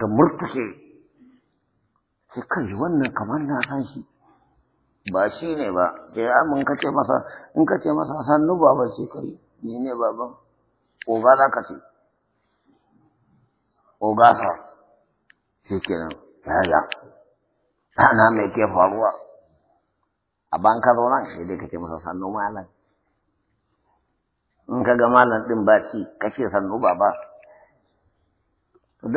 da murtashe sai kai wannan kamar na san shi ba shi ne ba sai mun kace masa in kace masa sannu baba shi kai ni ne baban oga za ka ce oga sa shi kenan yaya ana mai ke faruwa a banka nan sai dai kace masa sannu malam in ka ga malam din ba shi kace sannu baba duk abin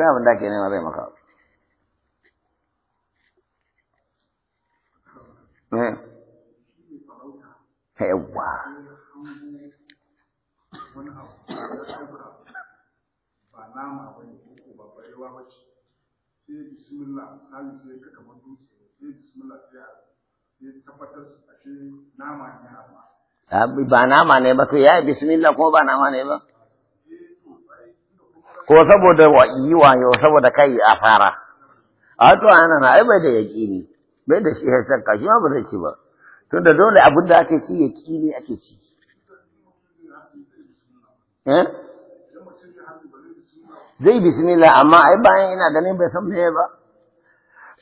bismillah ya tabbatar nama ne ba nama ne ba ya bismillah ko ba nama ne ba ko saboda yi wayo saboda kai a fara a to ana na ai bai da yaƙini bai da shi ka shi ma ba zai ci ba tunda dole abin da ake ci yaƙini ake ci eh? zai bismillah amma ai bayan ina ganin bai san meye ba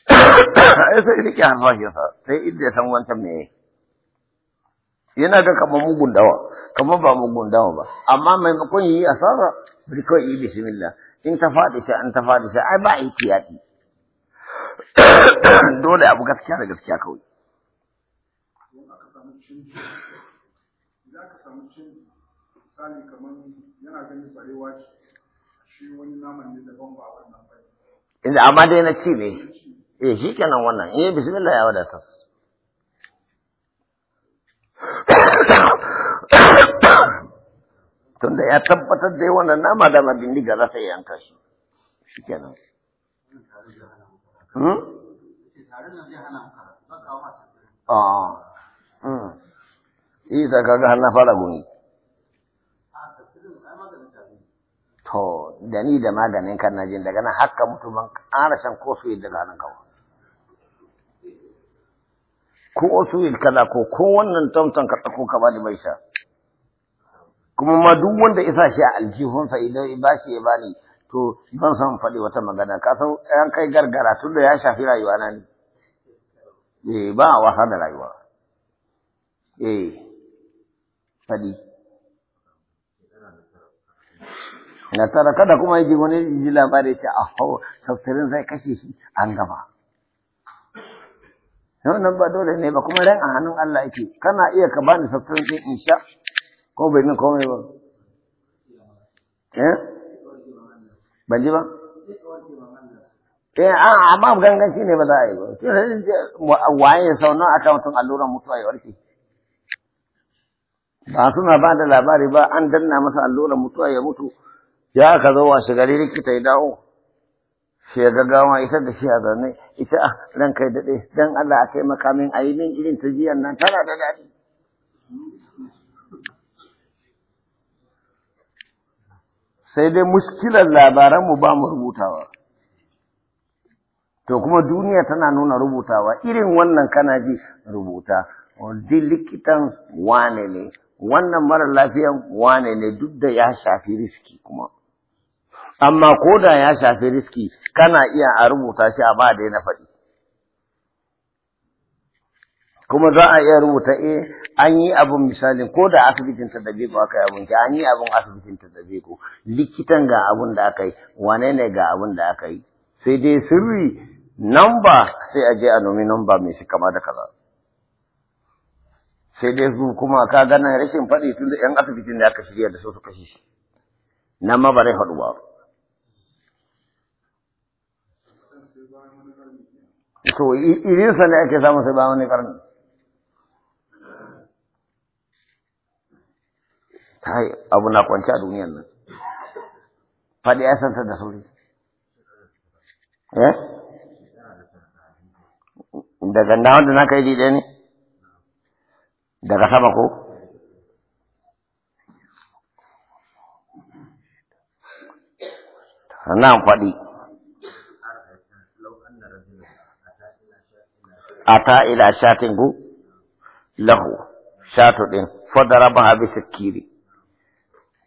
ai sai rike harfashinsa sai inda san wancan yana ga kamar mugun dawa kamar ba mugun dawa ba amma maimakon yi asara bari kawai yi bismillah in ta faɗi sai an ta faɗi sai ai ba ihtiyati dole abu gaskiya da gaskiya kawai misali kamar yana ganin barewa shi wani daban ba wannan ba inda amma dai na ci ne eh shi kenan wannan eh bismillah ya wadatar tunda ya tabbatar da wannan nama da ma bindiga za ta yi yanka shi shikenan hmm ah hmm ita kaga har na fara guni. to da ni da maganin kan na daga nan haka mutu ban ƙara shan ko su daga nan kawo ko su kaza ko ko wannan tamtan ka tsako ka ba da mai sha kuma ma duk wanda isa shi a aljihunsa idan ba shi ya bani to ban san faɗi wata magana ka san an kai gargara tun ya shafi rayuwa na ne eh ba a wasa da rayuwa eh faɗi na tara kada kuma yaji wani yaji labari ce a hau tafsirin zai kashe shi an gaba nan ba dole ne ba kuma ran a hannun Allah yake kana iya ka bani tafsirin in sha. ko bai min komai ba eh ban ji ba eh a amma ganganci ne ba za a yi ba waye sau aka mutum alluran mutuwa ya warke ba suna ba da labari ba an danna masa alluran mutuwa ya mutu ya ka zo washe gari likita ya dawo shi ya gaggawa ita da shi a zaune ita a ran kai daɗe don Allah a taimaka min a yi min irin ta jiyan nan tana da daɗi sai dai muskilar labaran mu ba mu rubutawa. To kuma duniya tana nuna rubutawa, irin wannan kana ji rubuta, di likitan wane ne, wannan mara lafiyan wane ne duk da ya shafi riski kuma. Amma ko da ya shafi riski, kana iya a rubuta shi a ba da na faɗi. kuma za a iya rubuta e an yi abin misalin ko da asibitin ta dabe ko aka yi abin an yi abin asibitin ta dabe ko likitan ga abin da aka yi wane ne ga abin da aka yi sai dai sirri namba sai a je a nomi namba mai shi kama da kaza sai dai su kuma ka gana rashin faɗi tun da yan asibitin da aka shirya da su suka shi nan ma ba zai haɗu ba to irinsa ne ake samun sai ba wani karni kai abu na kwance a duniyar nan faɗi ya santa da sauri eh daga na wanda na kai ne daga sama ko sannan faɗi ata ila shatin gu lahu shato ɗin fadara ba bi sikiri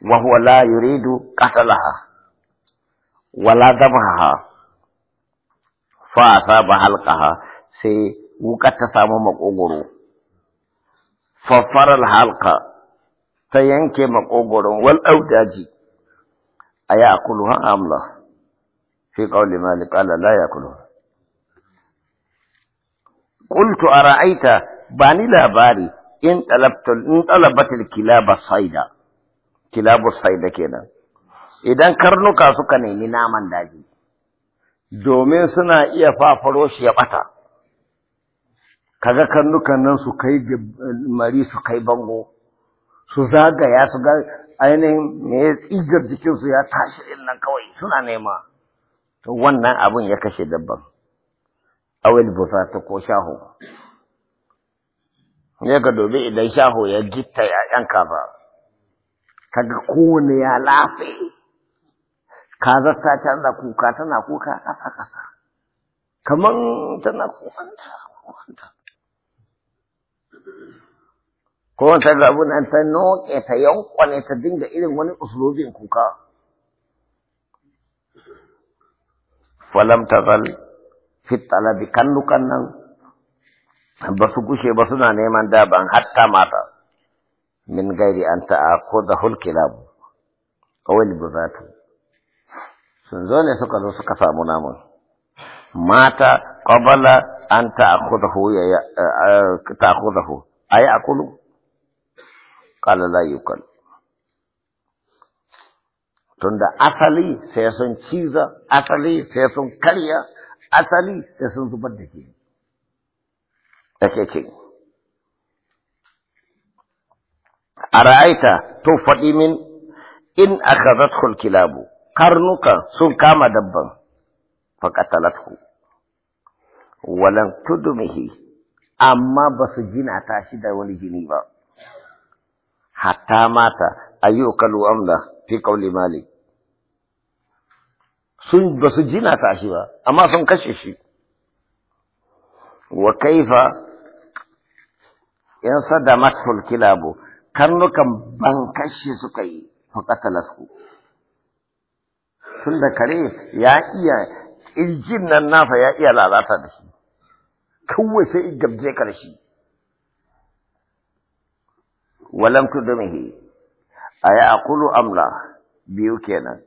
وهو لا يريد قتلها ولا ذبحها فأصاب حلقها سي وقت سامو مقوغرو ففر الحلقة تينكي مقوغرو والأوداجي أيأكلها أم لا في قول مالك قال لا يأكلها قلت أرأيت باني لا باري إن طلبت إن طلبت الكلاب صيدا kilabus saida kenan idan karnuka suka nemi naman daji domin suna iya fafaro shi ya bata kaga karnukan nan su kai mari su kai bango su zagaya su ga ainihin me ya tsigar jikinsu ya tashi din nan kawai suna nema to wannan abun ya kashe dabban awil ta ko shaho ya ga dobe idan shaho ya gitta 'ya'yan kafa kaga kowane ya lafe zasta ta canza kuka tana kuka kasa kasa kaman tana kuka kuka kuma ta ga nan ta noke ta yankwane ta dinga irin wani usulobin kuka falam tazal fi talabi kallukan nan ba su gushe ba suna neman daban hatta mata min gairi an ta'akhudhahu al-kilab aw al-buzat sun zo ne suka zo suka samu naman mata qabala an ta'akhudhahu ya ta'akhudhahu ay akulu qala la yukal tunda asali sai sun ciza asali sai sun karya asali sai sun zubar da ke ake ara'aita to faɗi min in akhadhathu kilabu karnuka sun kama dabban faqatalathu walam tudmihi amma ba su gina ta shi da wani jini ba hatta mata ayyukalu amla fi qawli malik sun ba su jina ta shi ba amma sun kashe shi wa kaifa in sadamatul kilabu karnukan bankashi suka yi fakatalasku tun da kare ya iya ƙirjin nan nasa ya iya lalata da shi kawai sai in gabje karshe walam tudumihi a ya akulu amla biyu kenan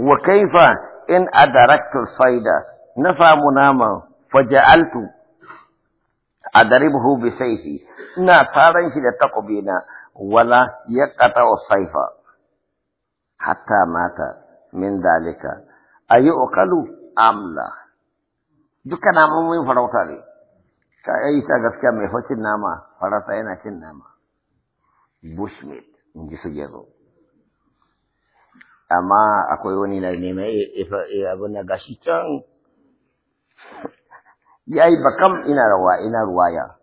wa kaifa in adaraktu saida na samu naman faja'altu adaribuhu bi saifi ina faran shi da takobina wala ya kata saifa hatta mata min dalika a yi okalu amla duka namun mun farauta ne ka yi ta gaskiya mai fashin nama farauta yana cin nama bushmeat in ji su gero amma akwai wani na nema eh, abu na gashi can ya yi bakam ina rawa ina ruwaya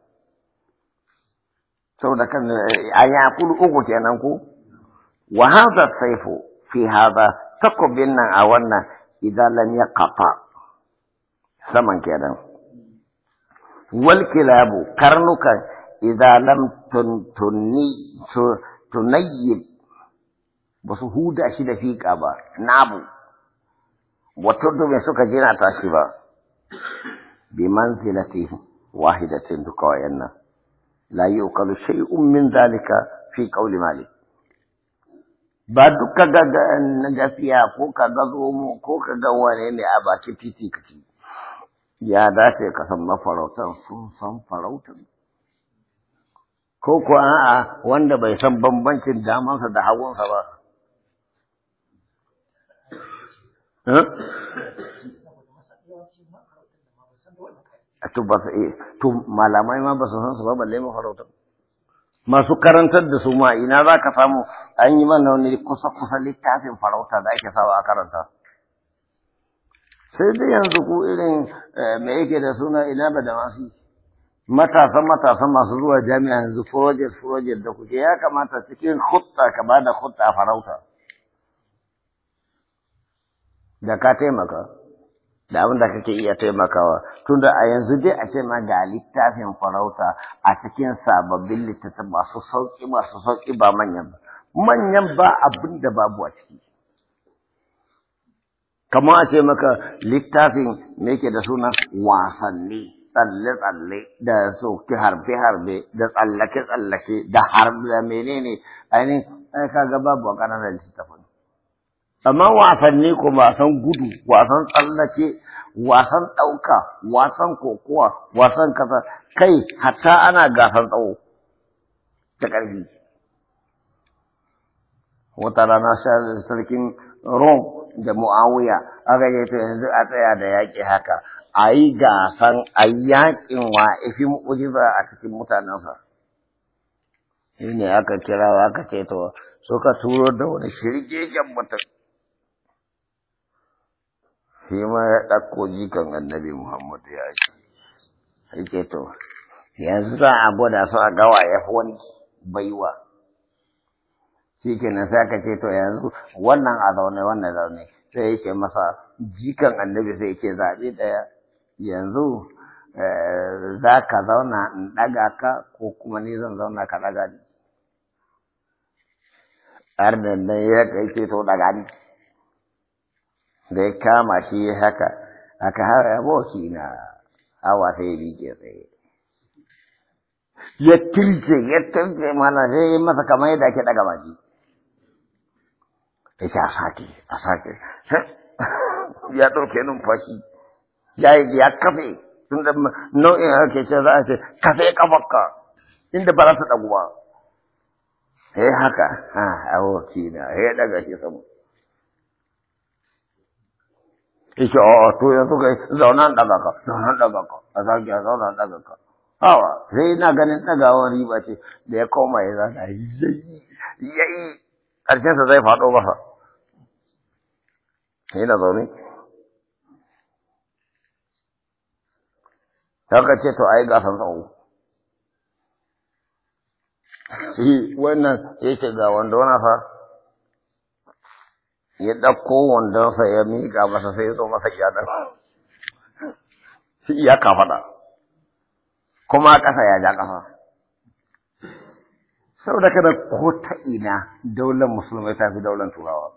saboda kan eh, a yakulu uku kenan ku wa hadha saifu fi hadha takobin nan a wannan idan lam kafa. saman kenan wal kilabu karnukan idan lam tuntunni tunayyib ba su huda shi da fiƙa ba nabu wato domin suka jina tashi ba bi manzilati wahidatin duka wayannan la yuqalu shay'un min zalika fi qawli malik ba duka ga na gafiya ko ka ga zomo ko ka ga wane ne a baki titi ka ci ya dace ka san mafarautan sun san farautan ko ko a'a wanda bai san bambancin damansa da hagunsa ba to ba su eh, to malamai ma ba su san su ba balle mafarautar masu karantar da su ma ina za ka samu an yi mana wani kusa kusa littafin farauta da ake sawa a karanta sai dai yanzu ku irin eh, me yake da suna ina ba da masu matasa matasa masu zuwa jami'a yanzu project project da kuke ya kamata cikin hutta ka ba da farauta da ka taimaka da abin da kake iya taimakawa tun da a yanzu dai a ce ma ga littafin farauta a cikin sababbin littattafai masu sauƙi masu sauƙi ba manyan ba manyan ba abin da babu a ciki kamar a ce maka littafin me ke da suna wasanni tsalle-tsalle da soki harbe-harbe da tsallake-tsallake da harbe da menene ainihin ka ga babu a ƙananan littattafai amma wasanni ko wasan gudu wasan tsallake wasan ɗauka wasan kokowa wasan kasa kai hatta ana gasar tsawo ta ƙarfi wata rana sarkin rom da mu'awiya aka yi ta yanzu a tsaya da yaƙi haka a yi gasan a yaƙin wa ifi ba a cikin mutanensa shi ne aka kira aka ce to suka turo da wani shirgegen mutum shi ya jikan annabi Muhammad ya to, yanzu za a gwada su a gawa ya fi wani baiwa. Shi kenan sai aka ce to yanzu wannan a zaune wannan zaune sai yake masa jikan annabi sai yake zaɓe ɗaya yanzu eh, za ka zauna in ɗaga ka ko kuma ni zan zauna ka ɗaga ni. Arnan nan ya kai ce to ɗaga ni. da ya kama shi ya haka aka hara aboki na awa sai ya miƙe tsaye ya tilce ya tilce mana sai ya masa kamar yadda ake daga baki ya ce a sake a sake ya ɗauke numfashi ya ya kafe tun nau'in harke ce za a ce kafe kafarka inda ba za ta ɗagu ba sai haka a aboki na ya daga shi sama yace a to yanzu kai zauna daga ka zauna daga ka a zaki a zauna daga ka awa sai ina ganin dagawa riba ce da ya koma ya zana yayi karshen sa zai faɗo masa yana zaune haka ce to ai gasan tsawo shi wannan yace ga wanda wana fa ya ɗauko wandonsa ya miƙa masa sai ya zo masa iyadar shi iya kafaɗa kuma ƙasa ya ja ƙafa saboda kada ko ta ina daular musulmai ta fi daular turawa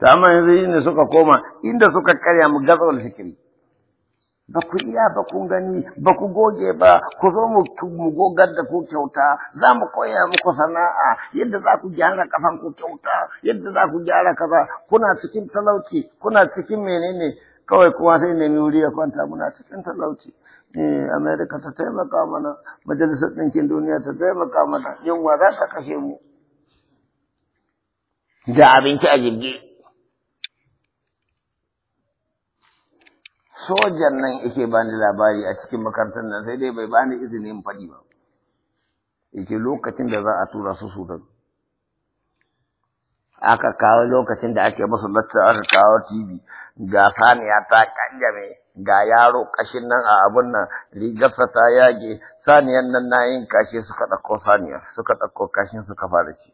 ta amma yanzu inda suka koma inda suka karya mu gazawar sikiri ba ku iya ba kun gani ba ku goge ba ku zo mu gogar da ku kyauta za mu koya muku sana'a yadda za ku gyara kafan ku kyauta yadda za ku gyara kaza kuna cikin talauci kuna cikin menene kawai kuma sai nemi wuri ya kwanta muna cikin talauci eh, Amerika ta taimaka mana majalisar ɗinkin duniya ta taimaka mana yunwa za ta kashe mu da abinci a jirgin sojan nan yake bani labari a cikin makarantar nan sai dai bai bani izinin faɗi ba yake lokacin da za a tura su sudan aka kawo lokacin da ake musu latta aka kawo tv ga saniya ta kanjame ga yaro kashin nan a abun nan rigarsa ta yage saniyan nan na yin kashi suka ɗauko saniya suka ɗauko kashin suka fara ci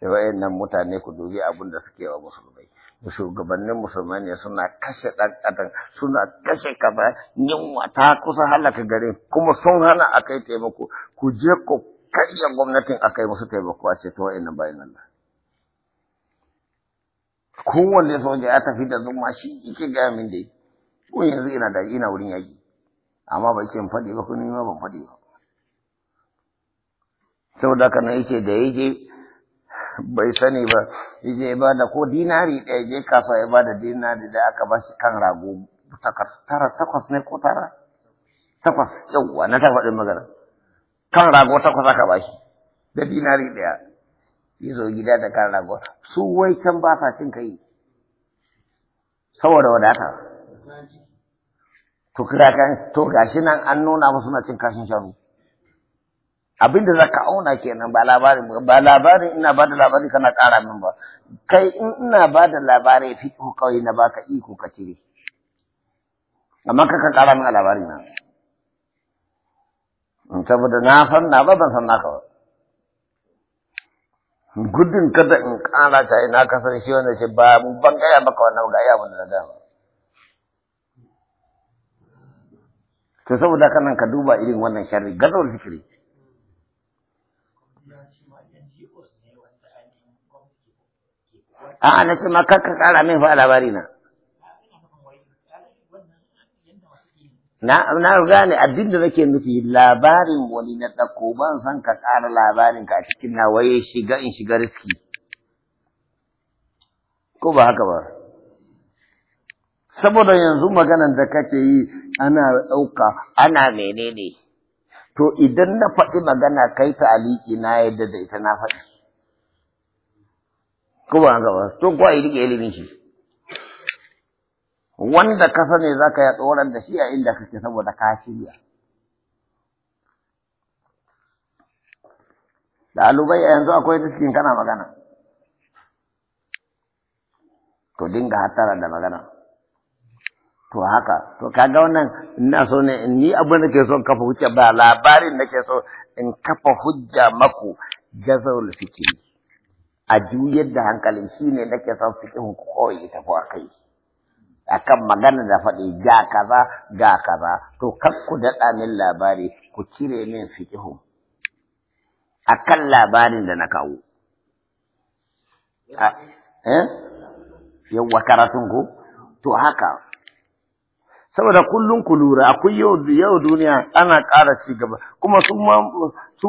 sai mutane ku dubi abun da suke wa musulmai shugabannin musulmai ne suna kashe ɗan adam suna kashe kafa yunwa ta kusa halaka gare kuma sun hana a kai taimako ku je ku karya gwamnatin a kai musu taimako a ce wa ina bayan Allah. Kowanne soja ya tafi da zuma shi yake gaya min dai kun yanzu ina da ina wurin yaƙi amma ba ce in faɗi ba ko ni ma ban faɗi ba. Saboda haka na yake da yake bai sani ba yaje ba da ko dinari ɗaya je kafa ya ba da dinari da aka ba shi kan rago tara takwas ne ko tara takwas yawwa na ta faɗin magana kan rago takwas aka ba shi da dinari ɗaya ya zo gida da kan rago su wai can ba sa cin kai saboda wadata to kira kan to gashi nan an nuna musu na cin kashin sharu abin da ka auna kenan ba labari ba labari ina bada labari kana ƙara min ba kai in ina bada labari ko kawai na ba ka iko ka cire amma ka ƙara min labari na saboda na san na ba ban san naka ba gudun kada in ƙara ta ina ka san shi wanda ce ba ban gaya maka wannan ga iya abin da dama to saboda kanan ka duba irin wannan sharri gazawar fikiri a'a na ce ma kar kara min fa labari na na na gane addin da nake nufi labarin wani na ɗauko ban san ka kara labarin ka a cikin na waye shiga in shiga riski ko ba haka ba saboda yanzu maganan da kake yi ana ɗauka ana menene to idan na faɗi magana kai ta aliki na yadda da ita na faɗi ko ba haka ba to kuwa yi rike ilimin shi wanda ka sani za ka ya tsoron da shi a inda kake saboda ka shirya ɗalibai a yanzu akwai riskin kana magana to dinga hattara da magana to haka to kaga wannan ina so ne ni abin da ke son kafa hujja ba labarin da ke so in kafa hujja maku jazawul fikiri a juyar da hankali shi ne nake son fikin koyi tafi a kai kan magana da faɗi ga kaza ga kaza to kar ku daɗa min labari ku cire min A kan labarin da na kawo eh? Yau wa karatun ku to haka saboda kullun ku lura ku yau yau duniya ana ƙara ci gaba kuma su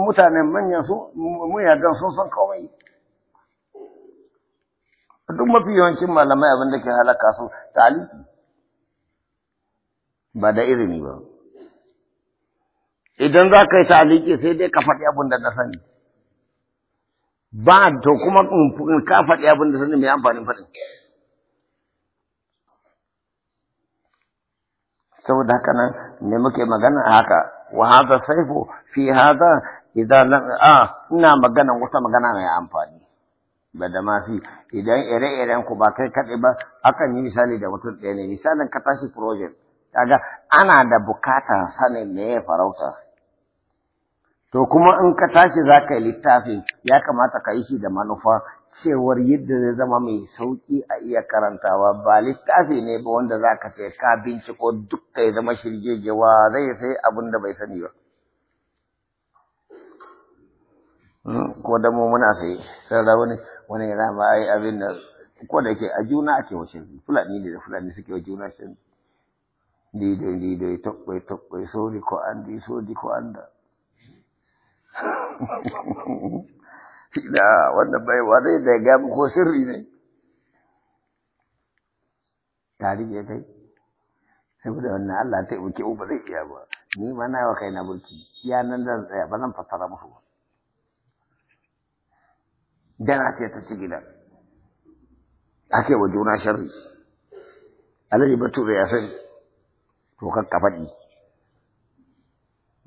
mutanen manyan su sun san komai duk mafi yawancin malamai abin da ke halaka su taliki ba da irini ba idan za ka yi taliki sai dai ka faɗi abin da na sani ba to kuma in ka faɗi abin da sani mai amfani faɗin saboda haka nan ne muke magana haka wa haza saifu fi haza idan A ah, ina magana wata magana mai amfani badamasi idan ire-iren ku ba kai kaɗai ba akan yi misali da mutum ɗaya ne misalin ka tashi project kaga ana da bukata sanin me ya farauta to kuma in ka tashi za ka yi littafin ya kamata ka yi shi da manufa cewar yadda zai zama mai sauƙi a iya karantawa ba littafi ne ba wanda za ka ce ka binciko duk ya zama shirgegewa zai sai abin da bai sani ba hmm, ko da mu muna sai sai wani wani yana ma yi abin da ko da ke a juna a ke shirki fulani ne da fulani suke wa juna shirki didai didai tokwai so di ko so di ko anda da wanda bai wani da ga ko sirri ne tarihi ya kai saboda wannan Allah ta yi uba zai iya ba ni ma na wa na burki iya nan zan tsaya ba zan fassara musu ba dana sai ta ci gidan ake wa juna sharri batu da ya sani to kakka faɗi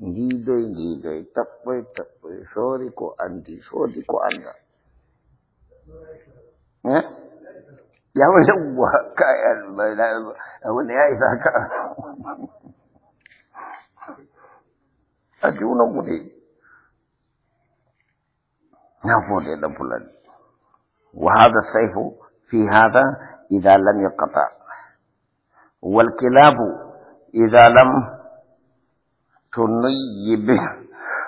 ngidoi ngidoi taɓɓoi taɓɓoi sori ko andi sori ko anda eh? ya wani yawwa kayan wani ya isa ka a junanmu ne ينفذ إلى فلان وهذا السيف في هذا إذا لم يقطع والكلاب إذا لم تني به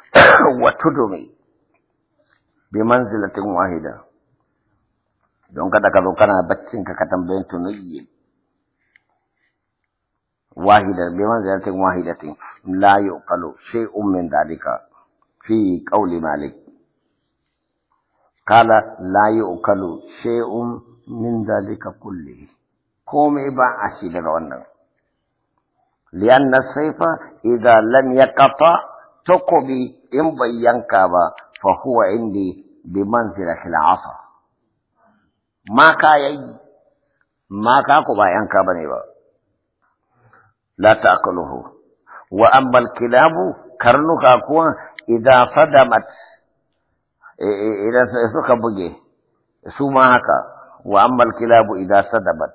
وتدمي بمنزلة واحدة دونك دكا دونك انا باتشين كاتم بين تنوي واحدة بمنزلة واحدة لا يؤكل شيء من ذلك في قول مالك قال لا يؤكل شيء من ذلك كله قوم با اسيل لونه لان الصيف اذا لم يقطع تقبي ان بينك فهو عندي بمنزله العصا ما كاي ما كاكو بينك بنيبا لا تاكله واما الكلاب كرنك اكون اذا صدمت الى ثقب سوما هكا واما الكلاب اذا صدمت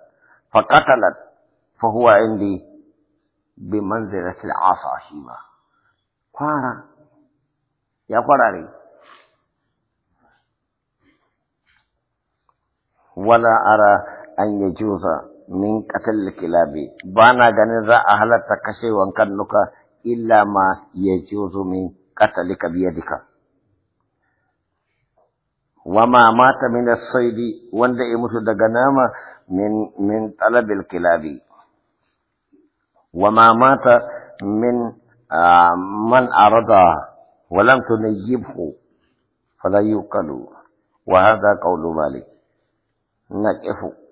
فقتلت فهو عندي بمنزلة العصا شيما قارا يا قراري ولا أرى أن يجوز من قتل الكلاب بانا غنزا أهل تكشي وانكنك إلا ما يجوز من قتلك بيدك وما مات من الصيد وند يموت دغناما من من طلب الكلاب وما مات من آه، من أراد ولم تنجبه فلا يوكل وهذا قول مالك نقف